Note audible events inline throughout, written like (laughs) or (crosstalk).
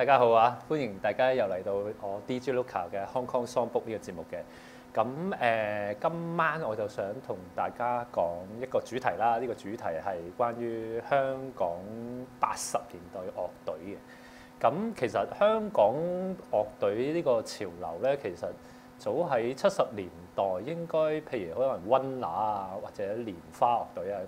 大家好啊！歡迎大家又嚟到我 DJ Luka 嘅 Hong Kong Songbook 呢、這個節目嘅。咁誒、呃，今晚我就想同大家講一個主題啦。呢、這個主題係關於香港八十年代樂隊嘅。咁其實香港樂隊呢個潮流呢，其實早喺七十年代應該，譬如可能溫拿啊，或者蓮花樂隊啊。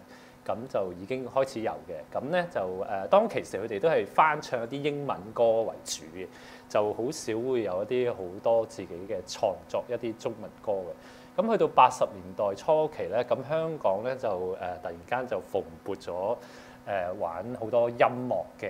咁就已經開始有嘅，咁咧就誒、呃，當其時佢哋都係翻唱一啲英文歌為主嘅，就好少會有一啲好多自己嘅創作一啲中文歌嘅。咁去到八十年代初期咧，咁香港咧就誒、呃、突然間就蓬勃咗。誒、呃、玩好多音樂嘅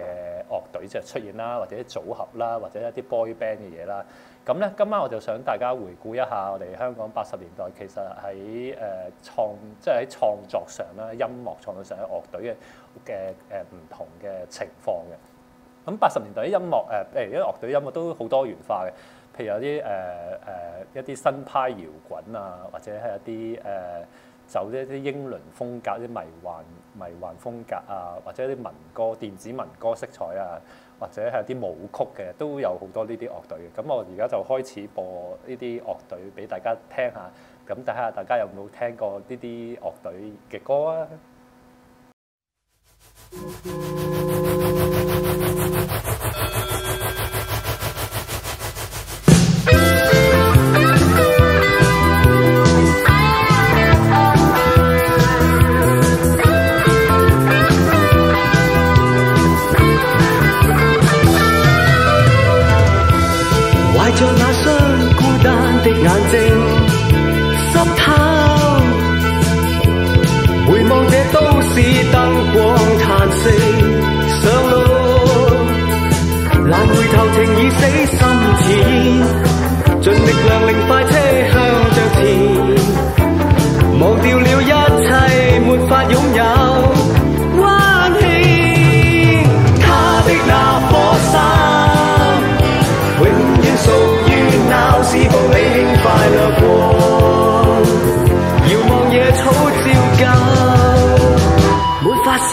樂隊即係出現啦，或者組合啦，或者一啲 boy band 嘅嘢啦。咁咧，今晚我就想大家回顧一下我哋香港八十年代其實喺誒、呃、創即係喺創作上啦，音樂創作上嘅樂隊嘅嘅誒唔同嘅情況嘅。咁八十年代啲音樂誒誒，因為樂隊音樂都好多元化嘅。譬如有啲誒誒一啲新派搖滾啊，或者係一啲誒、呃、走咗一啲英倫風格啲迷幻。迷幻風格啊，或者啲民歌、電子民歌色彩啊，或者係啲舞曲嘅，都有好多呢啲樂隊嘅。咁我而家就開始播呢啲樂隊畀大家聽下。咁睇下大家有冇聽過呢啲樂隊嘅歌啊？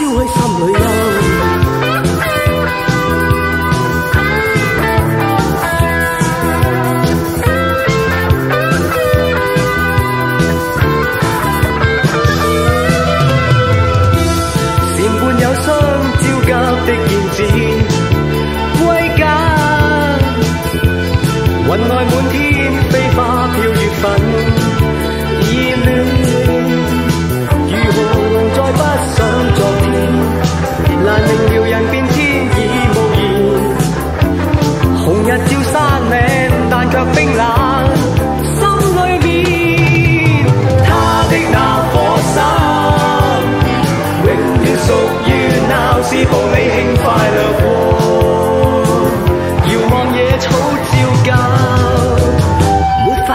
燒起心裏憂。 (laughs)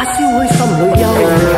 燒去心裏憂。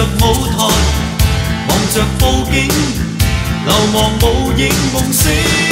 望着舞台，望着布景，流亡舞影，夢醒。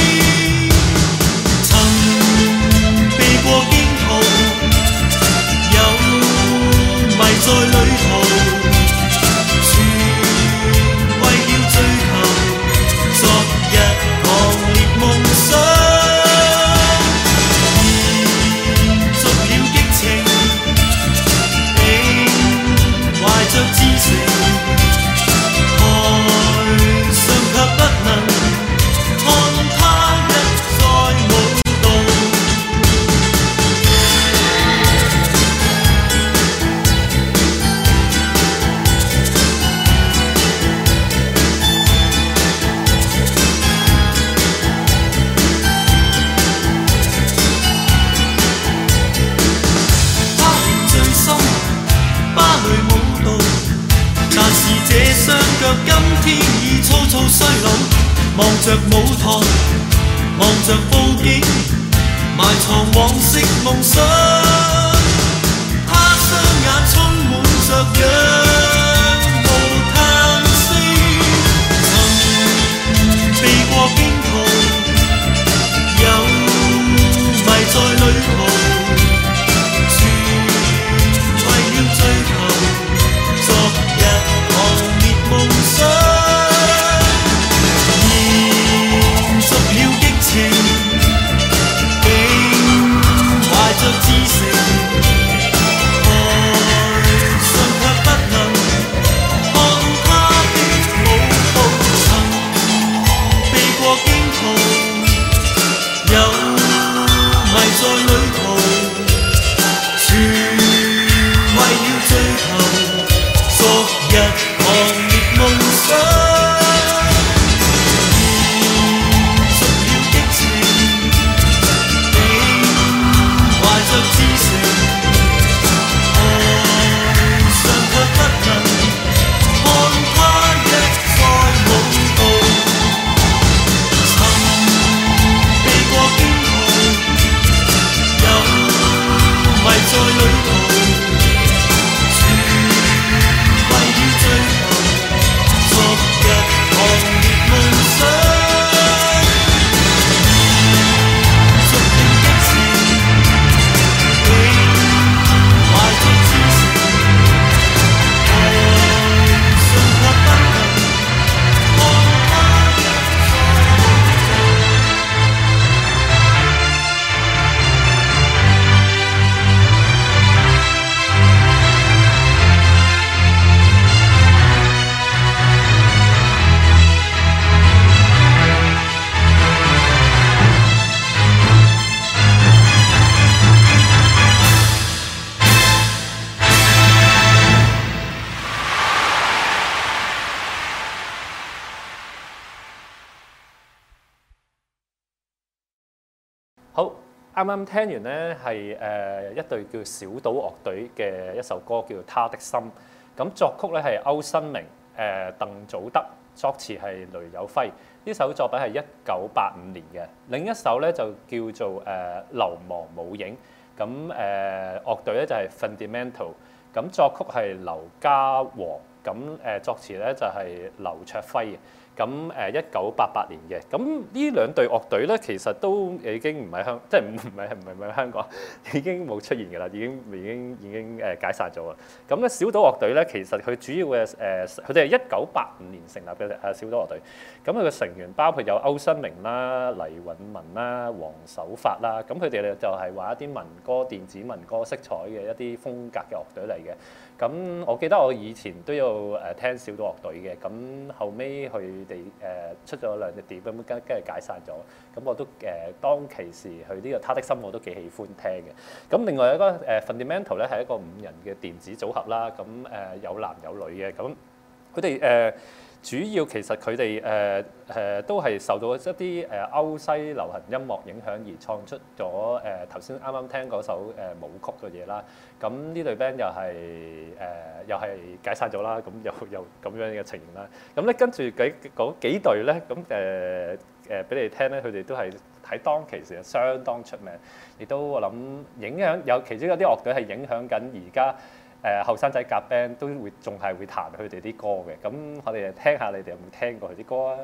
啱啱聽完咧係誒一隊叫小島樂隊嘅一首歌叫《她的心》，咁作曲咧係區新明，誒鄧祖德作詞係雷有輝，呢首作品係一九八五年嘅。另一首咧就叫做誒《流亡舞影》，咁誒樂隊咧就係 Fundamental，咁作曲係劉家煌，咁誒作詞咧就係劉卓輝。咁誒一九八八年嘅，咁呢兩隊樂隊咧其實都已經唔係香，即係唔係唔係唔係香港，已經冇出現㗎啦，已經已經已經誒解散咗啦。咁咧小島樂隊咧，其實佢主要嘅誒，佢哋係一九八五年成立嘅小島樂隊。咁佢嘅成員包括有區新明啦、黎允文啦、黃守發啦。咁佢哋就係玩一啲民歌、電子民歌色彩嘅一啲風格嘅樂隊嚟嘅。咁我記得我以前都有誒聽小島樂隊嘅，咁後屘尾去。地誒出咗兩隻碟，咁跟跟住解散咗，咁我都誒、呃、當其時去呢個她的心我都幾喜歡聽嘅，咁另外一個誒 Fundamental 咧係一個五人嘅電子組合啦，咁誒、呃、有男有女嘅，咁佢哋誒。主要其實佢哋誒誒都係受到一啲誒歐西流行音樂影響而創出咗誒頭先啱啱聽嗰首誒舞曲嘅嘢啦。咁呢隊 band 又係誒又係解散咗啦，咁又又咁樣嘅情形啦。咁咧跟住幾咁幾隊咧，咁誒誒俾你聽咧，佢哋都係喺當其時係相當出名，亦都我諗影響有其中有啲樂隊係影響緊而家。誒後生仔夾 band 都會仲係會彈佢哋啲歌嘅，咁我哋聽下，你哋有冇聽過佢啲歌啊？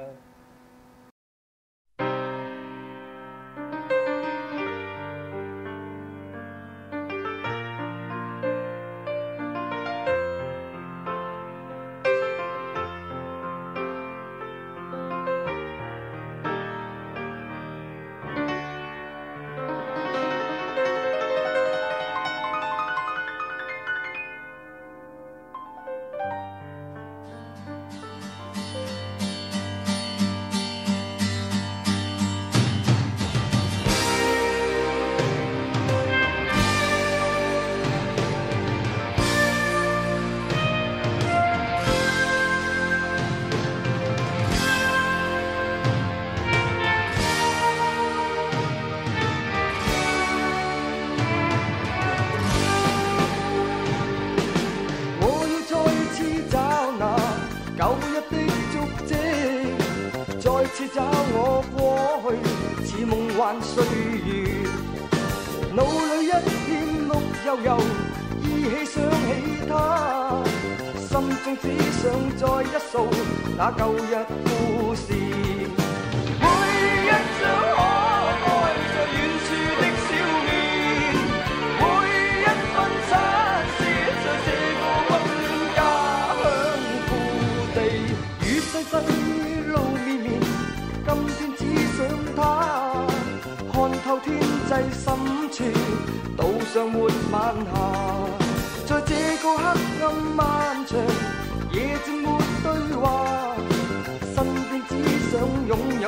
那舊日故事，每一張可愛在遠處的笑面，每一分親切在這個溫暖家鄉故地。 (noise) 雨細細，路綿綿，今天只想他看透天際深處，道上換晚霞，在這個黑暗漫長。伴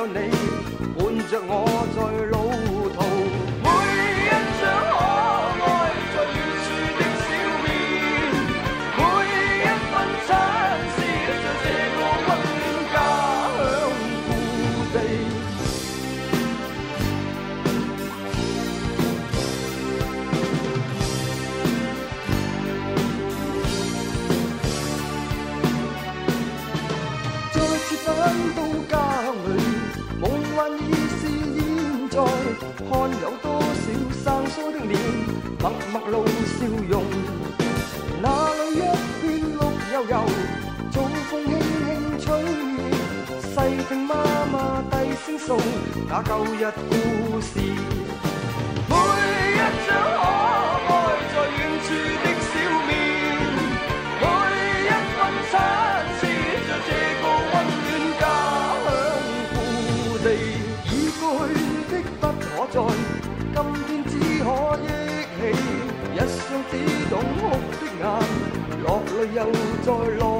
着我，在老。 (music) 舊日故事，每一張可愛在遠處的笑面，每一分親切在這個溫暖家鄉故地。已過去的不可再，今天只可憶起。一雙只懂哭的眼，落淚又再落。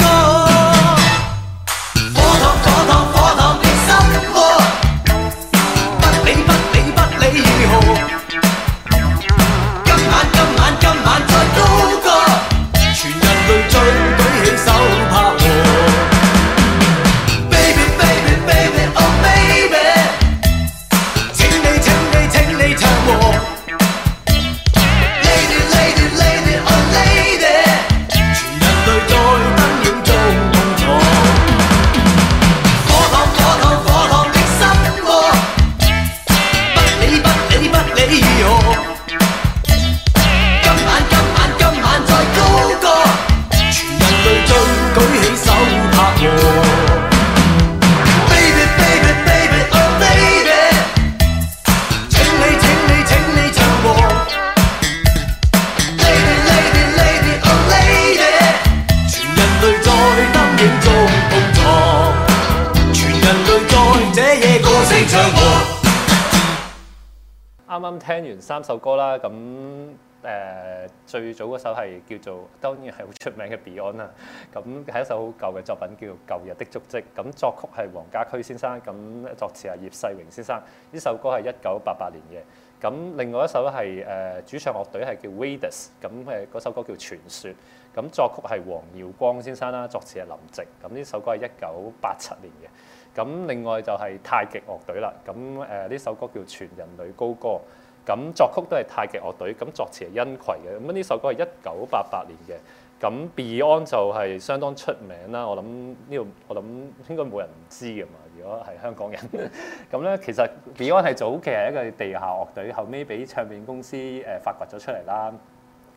聽完三首歌啦，咁誒最早嗰首係叫做當然係好出名嘅 Beyond 啦，咁係一首好舊嘅作品，叫《舊日的足跡》，咁作曲係黃家駒先生，咁作詞係葉世榮先生。呢首歌係一九八八年嘅。咁另外一首係誒主唱樂隊係叫 Raidas，咁誒嗰首歌叫《傳說》，咁作曲係黃耀光先生啦，作詞係林夕。咁呢首歌係一九八七年嘅。咁另外就係太極樂隊啦，咁誒呢首歌叫《全人類高歌》。咁作曲都係太極樂隊，咁作詞係因葵嘅。咁呢首歌係一九八八年嘅。咁 Beyond 就係、是、相當出名啦。我諗呢度我諗應該冇人唔知㗎嘛。如果係香港人，咁 (laughs) 咧其實 Beyond 係早期係一個地下樂隊，後尾俾唱片公司誒發掘咗出嚟啦，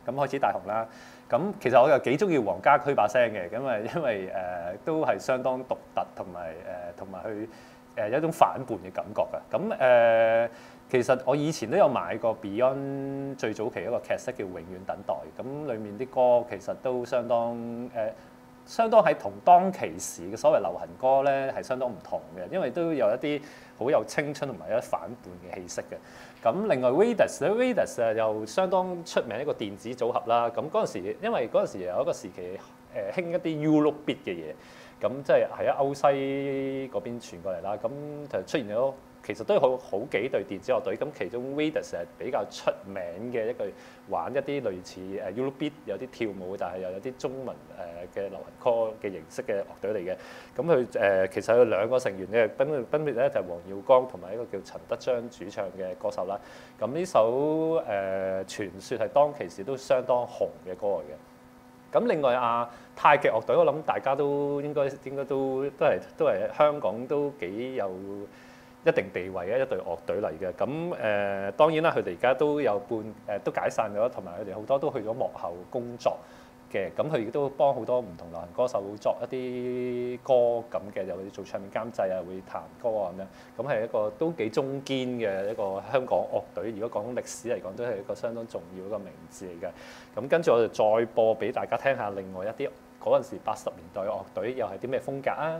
咁開始大紅啦。咁其實我又幾中意黃家駒把聲嘅，咁啊因為誒、呃、都係相當獨特同埋誒同埋去誒有一種反叛嘅感覺㗎。咁、嗯、誒。呃其實我以前都有買過 Beyond 最早期一個劇集叫《永遠等待》，咁、嗯、裡面啲歌其實都相當誒、呃，相當係同當其時嘅所謂流行歌咧係相當唔同嘅，因為都有一啲好有青春同埋一啲反叛嘅氣息嘅。咁、嗯、另外 Raidas 咧，Raidas 又相當出名一個電子組合啦。咁嗰陣時因為嗰陣時有一個時期誒興、呃、一啲 Eurobeat 嘅嘢，咁、嗯、即係喺歐西嗰邊傳過嚟啦，咁、嗯、就出現咗。其實都係好好幾隊電子樂隊，咁其中 Raidas 係比較出名嘅一隊，玩一啲類似誒 Ukulele、呃、有啲跳舞，但係又有啲中文誒嘅、呃、流行歌嘅形式嘅樂隊嚟嘅。咁佢誒其實有兩個成員咧，分分別咧就係、是、黃耀光同埋一個叫陳德章主唱嘅歌手啦。咁呢首誒、呃、傳説係當其時都相當紅嘅歌嚟嘅。咁另外阿、啊、太極樂隊，我諗大家都應該應該都都係都係香港都幾有。一定地位嘅一隊樂隊嚟嘅，咁誒當然啦，佢哋而家都有半誒都解散咗，同埋佢哋好多都去咗幕後工作嘅，咁佢亦都幫好多唔同流行歌手作一啲歌咁嘅，又會做唱片監製啊，會彈歌啊咁樣，咁係一個都幾中堅嘅一個香港樂隊。如果講歷史嚟講，都係一個相當重要嘅名字嚟嘅。咁跟住我哋再播俾大家聽下另外一啲嗰陣時八十年代嘅樂隊又係啲咩風格啊？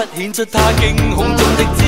不顯出他驚恐中的。 (noise)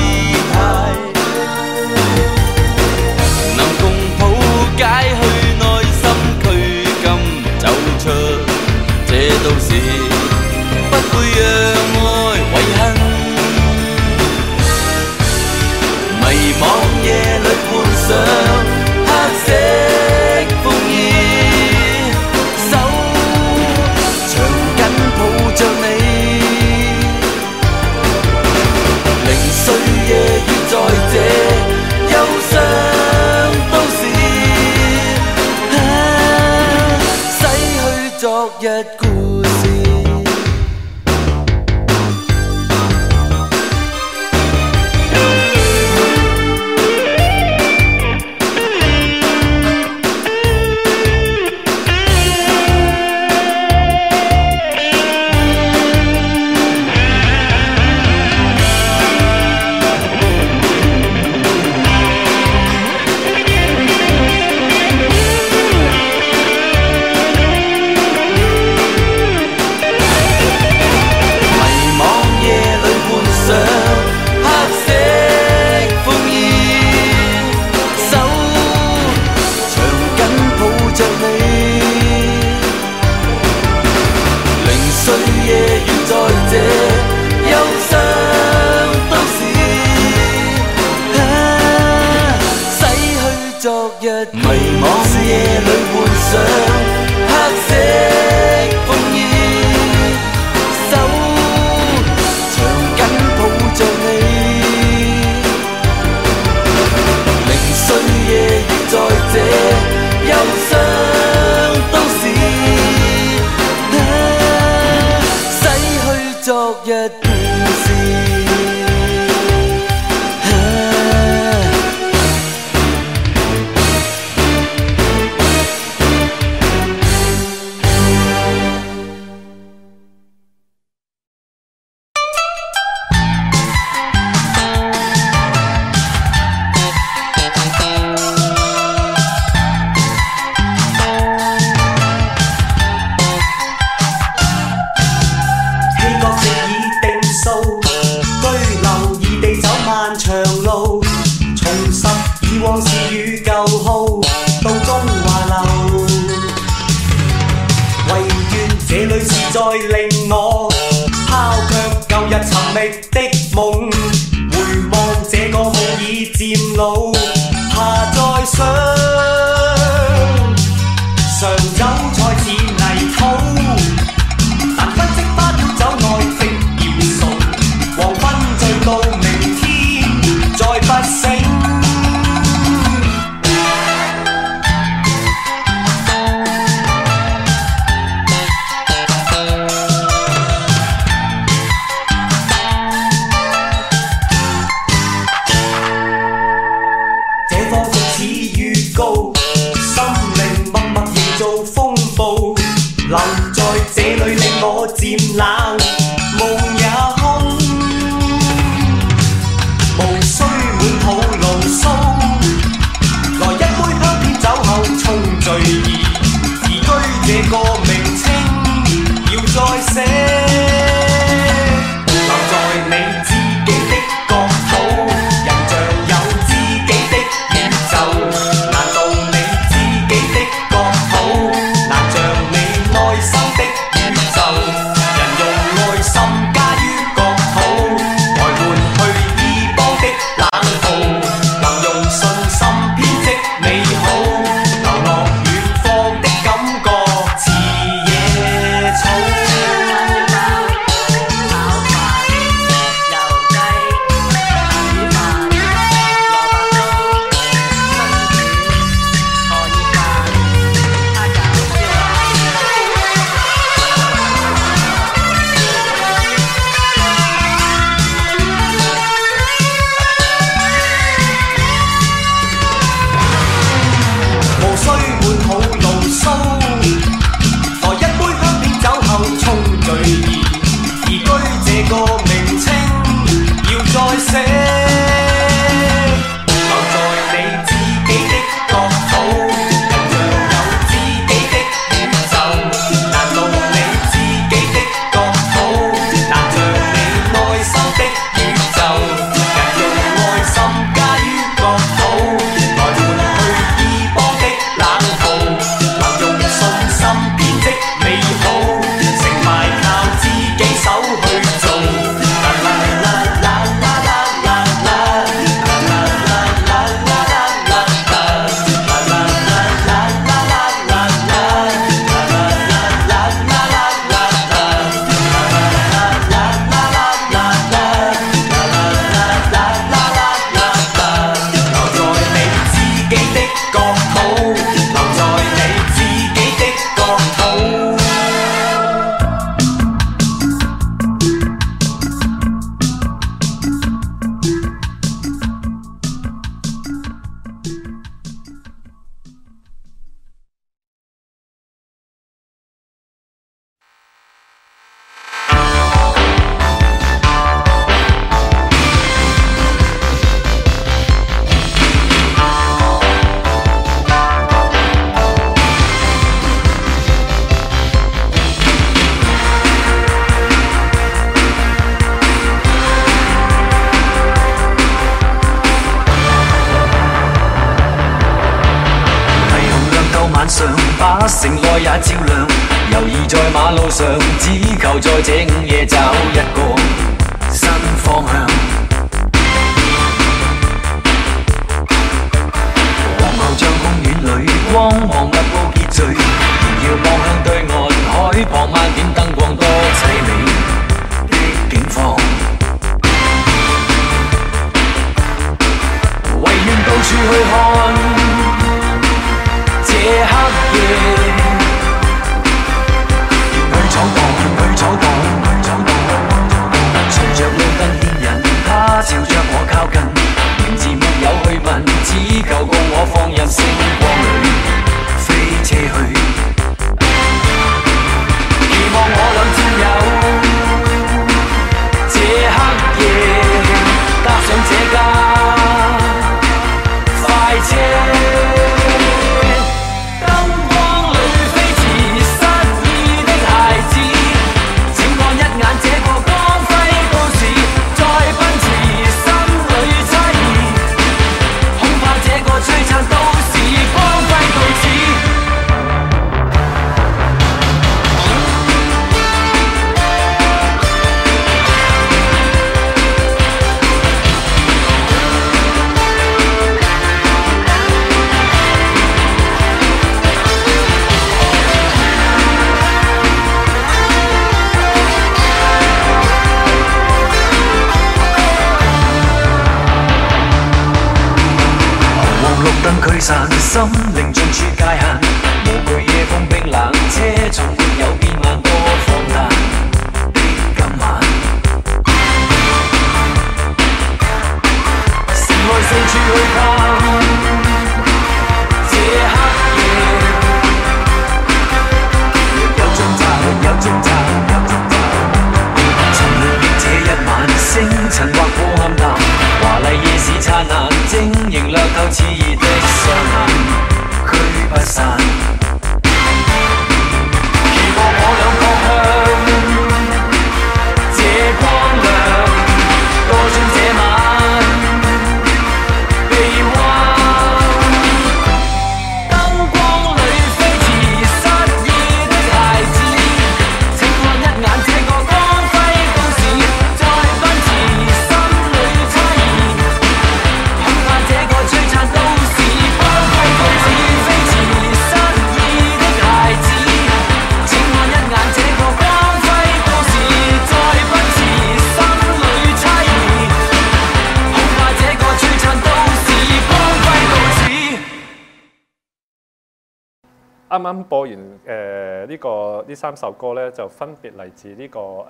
啱啱播完誒呢個呢三首歌咧，就分別嚟自呢個誒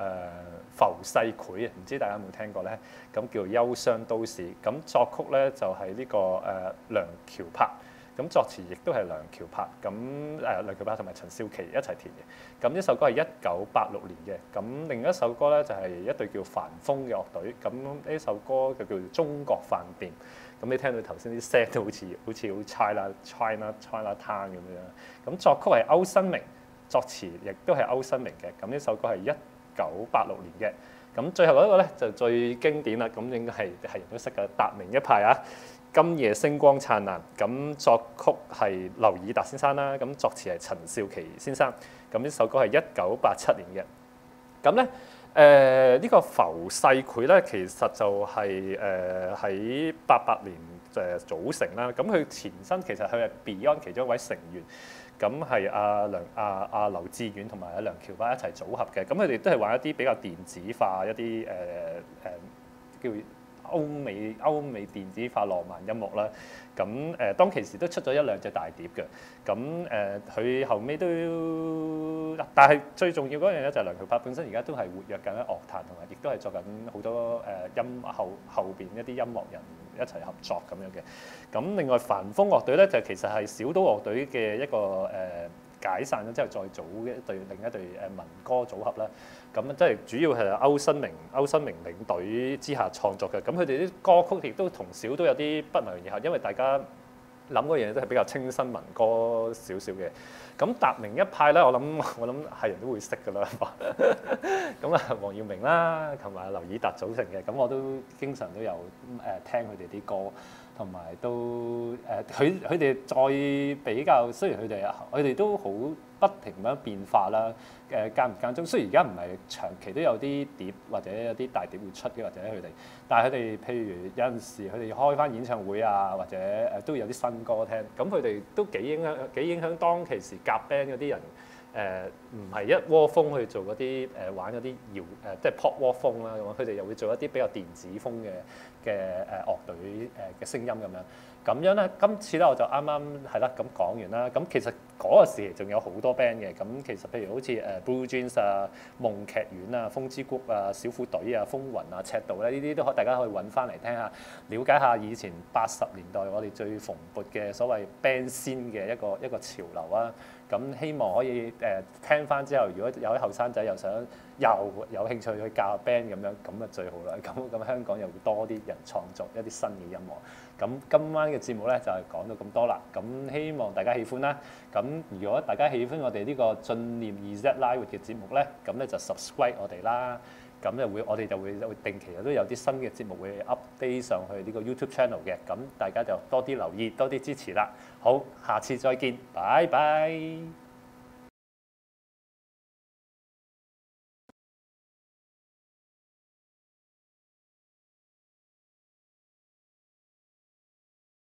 浮世繪啊，唔知大家有冇聽過咧？咁叫憂傷都市，咁作曲咧就係呢個誒梁翹柏，咁作詞亦都係梁翹柏，咁誒梁翹柏同埋陳少琪一齊填嘅。咁呢首歌係一九八六年嘅。咁另一首歌咧就係一隊叫凡風嘅樂隊，咁呢首歌就叫中國飯店。咁你聽到頭先啲聲都好似好似好 Ch China China China Town 咁樣。咁作曲係區新明，作詞亦都係區新明嘅。咁呢首歌係一九八六年嘅。咁最後一個咧就最經典啦。咁應該係係人都識嘅達明一派啊。今夜星光燦爛。咁作曲係劉以達先生啦。咁作詞係陳少琪先生。咁呢首歌係一九八七年嘅。咁咧。誒呢、呃這個浮世繪咧，其實就係誒喺八八年誒組、呃、成啦。咁、嗯、佢前身其實佢係 Beyond 其中一位成員，咁係阿梁阿阿、啊、劉志遠同埋阿梁翹柏一齊組合嘅。咁佢哋都係玩一啲比較電子化一啲誒誒叫。歐美歐美電子化浪漫音樂啦，咁誒、呃、當其時都出咗一兩隻大碟嘅，咁誒佢後尾都，但係最重要嗰樣咧就梁翹柏本身而家都係活躍緊喺樂壇，同埋亦都係作緊好多誒、呃、音後後邊一啲音樂人一齊合作咁樣嘅，咁另外凡風樂隊咧就其實係小島樂隊嘅一個誒、呃、解散咗之後再組一隊另一隊誒民歌組合啦。咁即係主要係區新明、區新明領隊之下創作嘅。咁佢哋啲歌曲亦都同小都有啲不謀而合，因為大家諗嗰樣嘢都係比較清新民歌少少嘅。咁、嗯、達明一派咧，我諗我諗係人都會識㗎啦。咁 (laughs) 啊、嗯，黃耀明啦，同埋劉以達組成嘅。咁、嗯、我都經常都有誒、呃、聽佢哋啲歌，同埋都誒佢佢哋再比較。雖然佢哋啊，佢哋都好不停咁樣變化啦。誒、呃、間唔間中，雖然而家唔係長期都有啲碟，或者有啲大碟會出嘅，或者佢哋，但係佢哋譬如有陣時佢哋開翻演唱會啊，或者誒、呃、都有啲新歌聽。咁佢哋都幾影響幾影響當其時夾 band 嗰啲人誒，呃、唔係一窩蜂去做嗰啲誒玩嗰啲搖誒、呃，即係 pop rock 風啦咁。佢哋又會做一啲比較電子風嘅嘅誒樂隊誒嘅、呃、聲音咁樣。咁樣咧，今次咧我就啱啱係啦咁講完啦。咁其實嗰個時期仲有好多 band 嘅。咁其實譬如好似誒 Blue Jeans 啊、夢劇院啊、風之谷啊、小虎隊啊、風雲啊、赤道咧，呢啲都可以大家可以揾翻嚟聽下，了解下以前八十年代我哋最蓬勃嘅所謂 band 先嘅一個一個潮流啊。咁希望可以誒、呃、聽翻之後，如果有啲後生仔又想又有興趣去教 band 咁樣，咁啊最好啦。咁咁香港又會多啲人創作一啲新嘅音樂。咁今晚嘅節目咧就係、是、講到咁多啦，咁希望大家喜歡啦。咁如果大家喜歡我哋、這個、呢個進念二 Z Live 活嘅節目咧，咁咧就 subscribe 我哋啦。咁咧會我哋就會定期都有啲新嘅節目會 update 上去呢個 YouTube channel 嘅，咁大家就多啲留意，多啲支持啦。好，下次再見，拜拜。